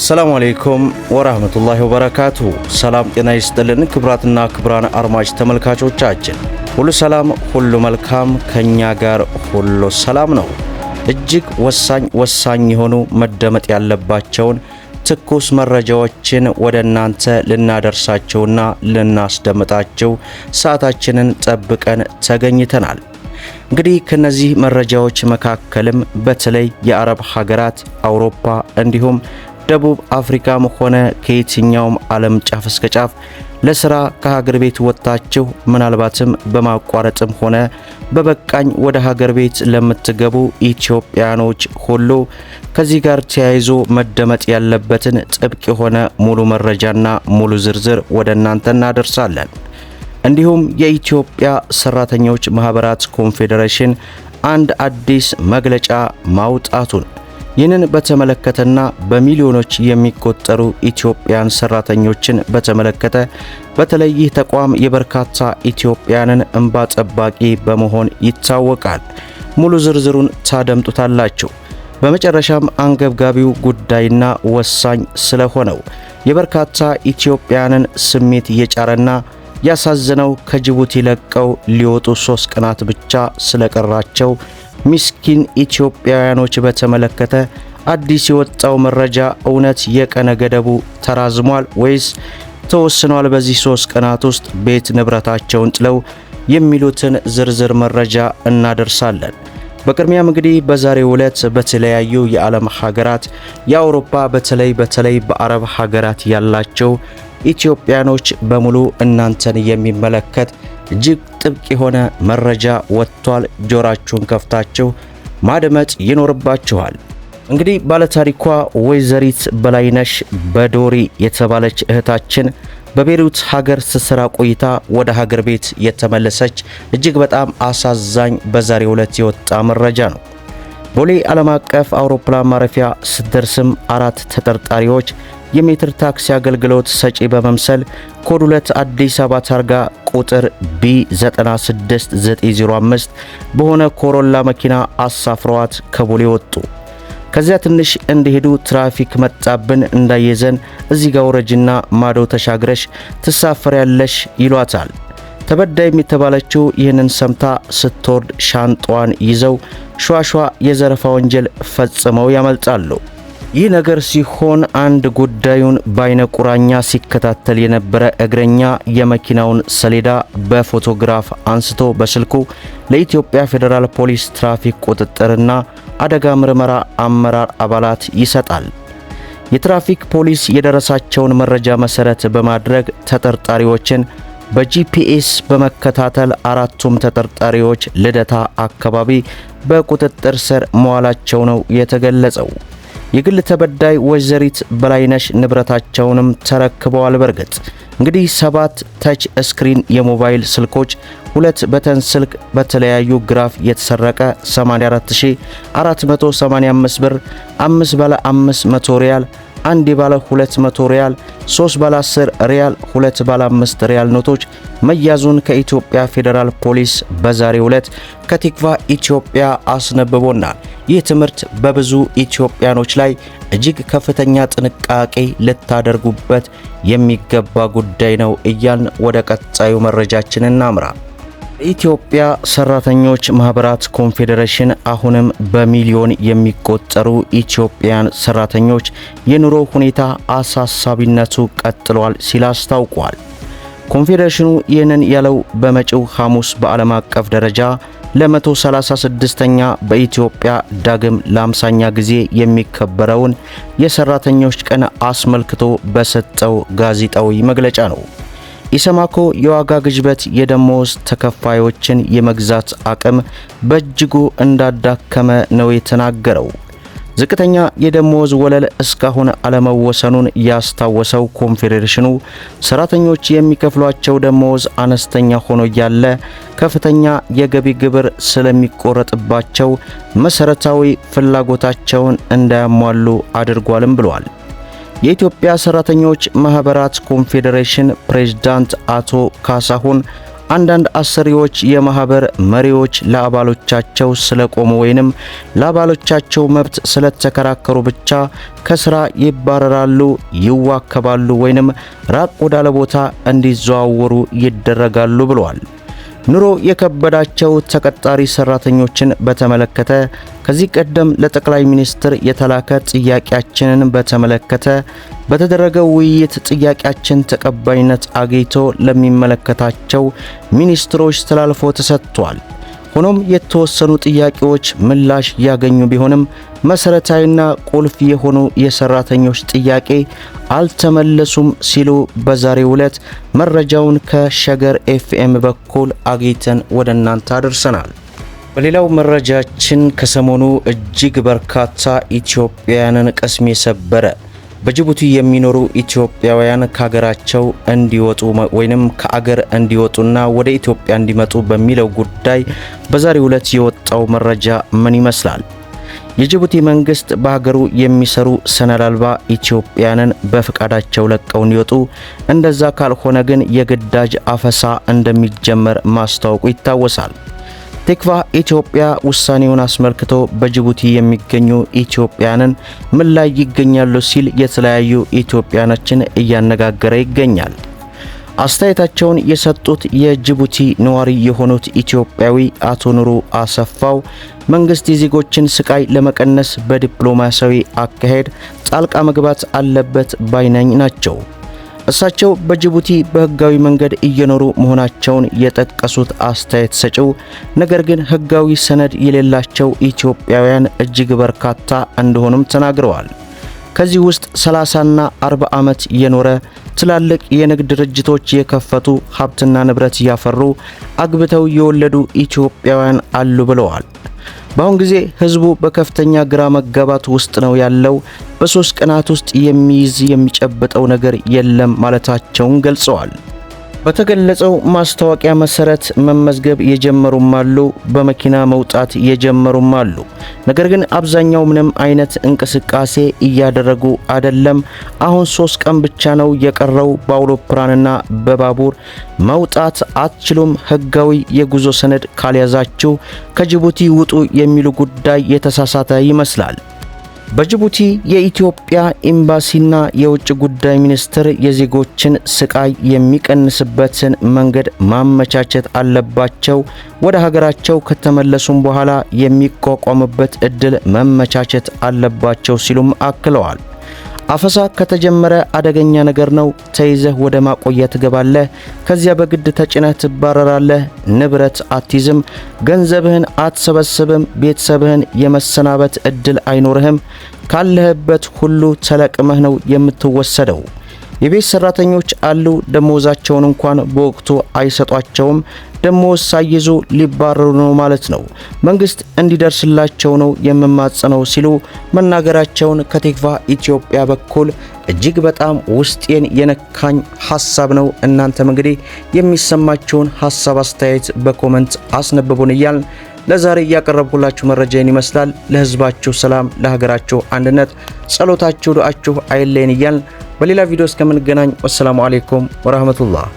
አሰላሙ አሌይኩም ወራህመቱላሂ ወበረካቱ። ሰላም ጤና ይስጥልን። ክብራትና ክብራን አድማጭ ተመልካቾቻችን ሁሉ ሰላም፣ ሁሉ መልካም፣ ከእኛ ጋር ሁሉ ሰላም ነው። እጅግ ወሳኝ ወሳኝ የሆኑ መደመጥ ያለባቸውን ትኩስ መረጃዎችን ወደ እናንተ ልናደርሳቸውና ልናስደምጣቸው ሰዓታችንን ጠብቀን ተገኝተናል። እንግዲህ ከነዚህ መረጃዎች መካከልም በተለይ የአረብ ሀገራት፣ አውሮፓ እንዲሁም ደቡብ አፍሪካም ሆነ ከየትኛውም ዓለም ጫፍ እስከ ጫፍ ለስራ ከሀገር ቤት ወጥታችሁ ምናልባትም በማቋረጥም ሆነ በበቃኝ ወደ ሀገር ቤት ለምትገቡ ኢትዮጵያኖች ሁሉ ከዚህ ጋር ተያይዞ መደመጥ ያለበትን ጥብቅ የሆነ ሙሉ መረጃና ሙሉ ዝርዝር ወደ እናንተ እናደርሳለን። እንዲሁም የኢትዮጵያ ሰራተኞች ማህበራት ኮንፌዴሬሽን አንድ አዲስ መግለጫ ማውጣቱን ይህንን በተመለከተና በሚሊዮኖች የሚቆጠሩ ኢትዮጵያን ሰራተኞችን በተመለከተ በተለይ ይህ ተቋም የበርካታ ኢትዮጵያንን እንባ ጠባቂ በመሆን ይታወቃል። ሙሉ ዝርዝሩን ታደምጡታላችሁ። በመጨረሻም አንገብጋቢው ጉዳይና ወሳኝ ስለሆነው የበርካታ ኢትዮጵያንን ስሜት የጫረና ያሳዘነው ከጅቡቲ ለቀው ሊወጡ ሶስት ቀናት ብቻ ስለቀራቸው ሚስኪን ኢትዮጵያውያኖች በተመለከተ አዲስ የወጣው መረጃ እውነት የቀነ ገደቡ ተራዝሟል ወይስ ተወስኗል? በዚህ ሶስት ቀናት ውስጥ ቤት ንብረታቸውን ጥለው የሚሉትን ዝርዝር መረጃ እናደርሳለን። በቅድሚያም እንግዲህ በዛሬው ዕለት በተለያዩ የዓለም ሀገራት የአውሮፓ በተለይ በተለይ በአረብ ሀገራት ያላቸው ኢትዮጵያኖች በሙሉ እናንተን የሚመለከት እጅግ ጥብቅ የሆነ መረጃ ወጥቷል። ጆራችሁን ከፍታችሁ ማድመጥ ይኖርባችኋል። እንግዲህ ባለታሪኳ ወይዘሪት በላይነሽ በዶሪ የተባለች እህታችን በቤሩት ሀገር ስትሰራ ቆይታ ወደ ሀገር ቤት የተመለሰች እጅግ በጣም አሳዛኝ በዛሬው ዕለት የወጣ መረጃ ነው። ቦሌ ዓለም አቀፍ አውሮፕላን ማረፊያ ስትደርስም አራት ተጠርጣሪዎች የሜትር ታክሲ አገልግሎት ሰጪ በመምሰል ኮድ 2 አዲስ አበባ ታርጋ ቁጥር B96905 በሆነ ኮሮላ መኪና አሳፍረዋት ከቦሌ ወጡ። ከዚያ ትንሽ እንደሄዱ ትራፊክ መጣብን እንዳየዘን እዚህ ጋር ወረጅና ማዶ ተሻግረሽ ትሳፈሪያለሽ ይሏታል። ተበዳይም የተባለችው ይህንን ሰምታ ስትወርድ ሻንጧን ይዘው ሿሿ የዘረፋ ወንጀል ፈጽመው ያመልጣሉ። ይህ ነገር ሲሆን አንድ ጉዳዩን በአይነ ቁራኛ ሲከታተል የነበረ እግረኛ የመኪናውን ሰሌዳ በፎቶግራፍ አንስቶ በስልኩ ለኢትዮጵያ ፌዴራል ፖሊስ ትራፊክ ቁጥጥርና አደጋ ምርመራ አመራር አባላት ይሰጣል። የትራፊክ ፖሊስ የደረሳቸውን መረጃ መሰረት በማድረግ ተጠርጣሪዎችን በጂፒኤስ በመከታተል አራቱም ተጠርጣሪዎች ልደታ አካባቢ በቁጥጥር ስር መዋላቸው ነው የተገለጸው። የግል ተበዳይ ወይዘሪት በላይነሽ ንብረታቸውንም ተረክበዋል። በርግጥ እንግዲህ ሰባት ተች ስክሪን የሞባይል ስልኮች፣ ሁለት በተን ስልክ በተለያዩ ግራፍ የተሰረቀ 84485 ብር፣ 5 ባለ 500 ሪያል አንድ ባለ 200 ሪያል፣ 3 ባለ 10 ሪያል፣ 2 ባለ 5 ሪያል ኖቶች መያዙን ከኢትዮጵያ ፌዴራል ፖሊስ በዛሬው ዕለት ከቲክቫ ኢትዮጵያ አስነብቦናል። ይህ ትምህርት በብዙ ኢትዮጵያኖች ላይ እጅግ ከፍተኛ ጥንቃቄ ልታደርጉበት የሚገባ ጉዳይ ነው እያልን ወደ ቀጣዩ መረጃችን እናምራ። የኢትዮጵያ ሰራተኞች ማህበራት ኮንፌዴሬሽን አሁንም በሚሊዮን የሚቆጠሩ ኢትዮጵያን ሰራተኞች የኑሮ ሁኔታ አሳሳቢነቱ ቀጥሏል ሲል አስታውቋል። ኮንፌዴሬሽኑ ይህንን ያለው በመጪው ሐሙስ በዓለም አቀፍ ደረጃ ለ136ኛ በኢትዮጵያ ዳግም ለ50ኛ ጊዜ የሚከበረውን የሰራተኞች ቀን አስመልክቶ በሰጠው ጋዜጣዊ መግለጫ ነው። ኢሰማኮ የዋጋ ግሽበት የደሞዝ ተከፋዮችን የመግዛት አቅም በእጅጉ እንዳዳከመ ነው የተናገረው። ዝቅተኛ የደሞዝ ወለል እስካሁን አለመወሰኑን ያስታወሰው ኮንፌዴሬሽኑ ሰራተኞች የሚከፍሏቸው ደሞዝ አነስተኛ ሆኖ እያለ ከፍተኛ የገቢ ግብር ስለሚቆረጥባቸው መሰረታዊ ፍላጎታቸውን እንዳያሟሉ አድርጓልም ብሏል። የኢትዮጵያ ሰራተኞች ማህበራት ኮንፌዴሬሽን ፕሬዝዳንት አቶ ካሳሁን አንዳንድ አሰሪዎች የማህበር መሪዎች ለአባሎቻቸው ስለቆሙ ወይንም ለአባሎቻቸው መብት ስለተከራከሩ ብቻ ከስራ ይባረራሉ፣ ይዋከባሉ፣ ወይንም ራቅ ወዳለ ቦታ እንዲዘዋወሩ ይደረጋሉ ብለዋል። ኑሮ የከበዳቸው ተቀጣሪ ሰራተኞችን በተመለከተ ከዚህ ቀደም ለጠቅላይ ሚኒስትር የተላከ ጥያቄያችንን በተመለከተ በተደረገው ውይይት ጥያቄያችን ተቀባይነት አግኝቶ ለሚመለከታቸው ሚኒስትሮች ተላልፎ ተሰጥቷል። ሆኖም የተወሰኑ ጥያቄዎች ምላሽ ያገኙ ቢሆንም መሰረታዊና ቁልፍ የሆኑ የሰራተኞች ጥያቄ አልተመለሱም ሲሉ በዛሬው ዕለት መረጃውን ከሸገር ኤፍኤም በኩል አግኝተን ወደ እናንተ አድርሰናል። በሌላው መረጃችን ከሰሞኑ እጅግ በርካታ ኢትዮጵያውያንን ቅስም የሰበረ በጅቡቲ የሚኖሩ ኢትዮጵያውያን ከሀገራቸው እንዲወጡ ወይንም ከአገር እንዲወጡና ወደ ኢትዮጵያ እንዲመጡ በሚለው ጉዳይ በዛሬው ዕለት የወጣው መረጃ ምን ይመስላል? የጅቡቲ መንግስት በሀገሩ የሚሰሩ ሰነድ አልባ ኢትዮጵያንን በፍቃዳቸው ለቀው እንዲወጡ፣ እንደዛ ካልሆነ ግን የግዳጅ አፈሳ እንደሚጀመር ማስታወቁ ይታወሳል። ቴክቫ ኢትዮጵያ ውሳኔውን አስመልክቶ በጅቡቲ የሚገኙ ኢትዮጵያንን ምን ላይ ይገኛሉ ሲል የተለያዩ ኢትዮጵያኖችን እያነጋገረ ይገኛል። አስተያየታቸውን የሰጡት የጅቡቲ ነዋሪ የሆኑት ኢትዮጵያዊ አቶ ኑሩ አሰፋው መንግስት የዜጎችን ስቃይ ለመቀነስ በዲፕሎማሲያዊ አካሄድ ጣልቃ መግባት አለበት ባይነኝ ናቸው። እሳቸው በጅቡቲ በህጋዊ መንገድ እየኖሩ መሆናቸውን የጠቀሱት አስተያየት ሰጪው ነገር ግን ህጋዊ ሰነድ የሌላቸው ኢትዮጵያውያን እጅግ በርካታ እንደሆኑም ተናግረዋል። ከዚህ ውስጥ 30ና 40 ዓመት የኖረ ትላልቅ የንግድ ድርጅቶች የከፈቱ ሀብትና ንብረት ያፈሩ አግብተው የወለዱ ኢትዮጵያውያን አሉ ብለዋል። በአሁን ጊዜ ህዝቡ በከፍተኛ ግራ መጋባት ውስጥ ነው ያለው። በሶስት ቀናት ውስጥ የሚይዝ የሚጨብጠው ነገር የለም ማለታቸውን ገልጸዋል። በተገለጸው ማስታወቂያ መሰረት መመዝገብ የጀመሩም አሉ፣ በመኪና መውጣት የጀመሩም አሉ። ነገር ግን አብዛኛው ምንም አይነት እንቅስቃሴ እያደረጉ አይደለም። አሁን ሶስት ቀን ብቻ ነው የቀረው። በአውሮፕላንና በባቡር መውጣት አትችሉም፣ ህጋዊ የጉዞ ሰነድ ካልያዛችሁ ከጅቡቲ ውጡ የሚሉ ጉዳይ የተሳሳተ ይመስላል። በጅቡቲ የኢትዮጵያ ኤምባሲና የውጭ ጉዳይ ሚኒስትር የዜጎችን ስቃይ የሚቀንስበትን መንገድ ማመቻቸት አለባቸው። ወደ ሀገራቸው ከተመለሱም በኋላ የሚቋቋምበት እድል መመቻቸት አለባቸው ሲሉም አክለዋል። አፈሳ ከተጀመረ አደገኛ ነገር ነው። ተይዘህ ወደ ማቆያ ትገባለህ። ከዚያ በግድ ተጭነህ ትባረራለህ። ንብረት አትይዝም፣ ገንዘብህን አትሰበስብም፣ ቤተሰብህን የመሰናበት እድል አይኖርህም። ካለህበት ሁሉ ተለቅመህ ነው የምትወሰደው። የቤት ሰራተኞች አሉ፣ ደሞዛቸውን እንኳን በወቅቱ አይሰጧቸውም። ደሞዝ ሳይዙ ሊባረሩ ነው ማለት ነው። መንግስት እንዲደርስላቸው ነው የምማጸነው ሲሉ መናገራቸውን ከቴክቫ ኢትዮጵያ በኩል እጅግ በጣም ውስጤን የነካኝ ሀሳብ ነው። እናንተም እንግዲህ የሚሰማቸውን ሀሳብ አስተያየት በኮመንት አስነብቡን እያልን ለዛሬ እያቀረብኩላችሁ መረጃ ይመስላል። ለህዝባችሁ ሰላም፣ ለሀገራችሁ አንድነት ጸሎታችሁ፣ ዱአችሁ አይለይን እያልን በሌላ ቪዲዮ እስከምንገናኝ ወሰላሙ አሌይኩም ወረህመቱላህ